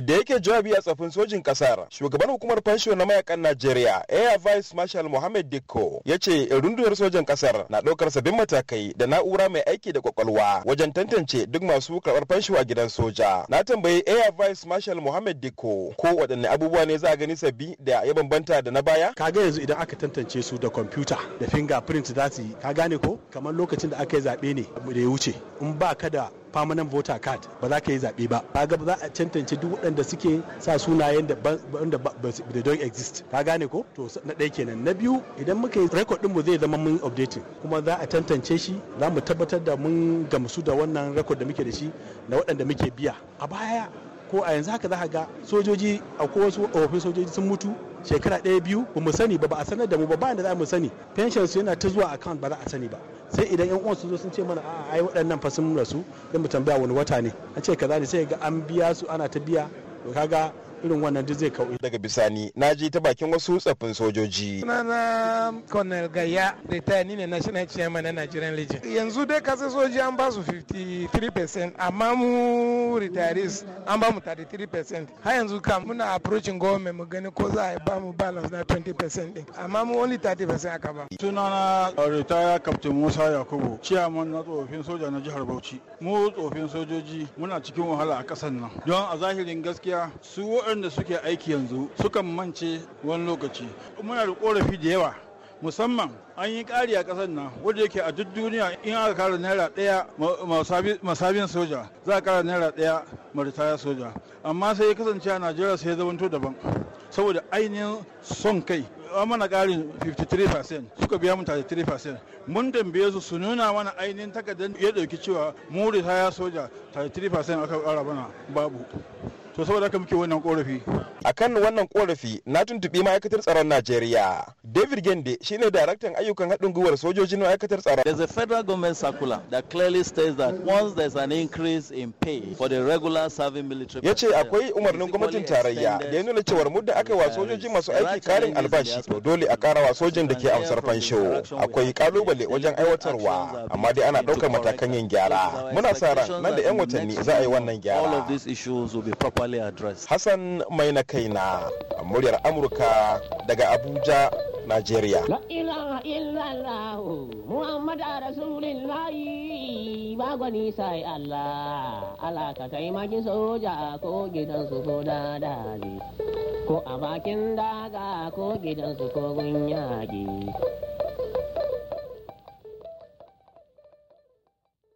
da yake jawabi a tsafin sojin kasar shugaban hukumar fansho na mayakan najeriya air vice marshal mohammed dikko ya ce rundunar sojan kasar na ɗaukar sabbin matakai da na'ura mai aiki da kwakwalwa wajen tantance duk masu karɓar fansho a gidan soja na tambayi air vice marshal mohammed dikko ko waɗanne abubuwa ne za a gani sabbi da ya bambanta da na baya kaga yanzu idan aka tantance su da kwamfuta da fingerprint za su yi ka gane ko kamar lokacin da aka yi zaɓe ne da ya wuce in ba ka da permanent voter card ba za ka yi zaɓe ba ga ba za a tantance duk waɗanda suke sa sunayen da da don exist ka gane ko to na ɗaya kenan na biyu idan muka yi record ɗinmu zai zama mun updating kuma za a tantance shi za mu tabbatar da mun gamsu da wannan record da muke da shi na waɗanda muke biya a baya ko a yanzu haka za ka ga sojoji akwai wasu ofin sojoji sun mutu shekara ɗaya biyu ba mu sani ba ba a sanar da mu ba bayan da za mu sani pension su yana ta zuwa account ba za a sani ba sai idan yan uwan su zo sun ce mana a ai waɗannan fa sun rasu dan mu tambaya wani wata ne an ce kaza ne sai ga an biya su ana ta biya to kaga irin wannan duk zai kauye daga bisani na ji ta bakin wasu tsaffin sojoji sunana colonel gaya retani ne national chairman na nigerian legion yanzu dai ka sai soji an ba su 53% amma mu retirees an ba mu 33% har yanzu kam muna approaching government mu gani ko za a ba mu balance na 20% din amma mu only 30% aka ba sunana uh, retire captain musa yakubu chairman na tsofin soja na jihar bauchi mu tsofin sojoji muna cikin wahala a kasan nan don a zahirin gaskiya su waɗanda suke aiki yanzu sukan mance wani lokaci muna da korafi da yawa musamman an yi ƙari a ƙasar nan wanda yake a duk duniya in aka kara naira ɗaya masabin soja za a kara naira ɗaya maritaya soja amma sai ya kasance a najeriya sai ya zamanto daban saboda ainihin son kai mana ƙarin 53% suka biya mu 33% mun tambaye su su nuna mana ainihin takardar ya ɗauki cewa mu ritaya soja 33% aka ƙara mana babu to saboda haka muke wannan korafi akan wannan korafi na tuntuɓi ma'aikatar tsaron Najeriya. David Gende shine daraktan ayyukan haɗin gwiwar sojojin ma'aikatar tsaron. There's a federal government circular that clearly states that once there's an increase in pay for the regular serving military. ce akwai umarnin gwamnatin tarayya da ya nuna cewar muddin aka yi wa sojoji masu aiki karin albashi to dole a kara wa sojin da ke amsar fansho. Akwai kalubale wajen aiwatarwa amma dai ana ɗaukar matakan yin gyara. Muna sa ran nan da 'yan watanni za a yi wannan gyara. All of these issues will Hassan Mainaka kaina muryar amurka daga abuja Najeriya. La ilaha illallah Muhammad Rasulullah ba gwani sai Allah alaka kai maki soja ko gidan su ko dadali ko a bakin daga ko gidan su ko gun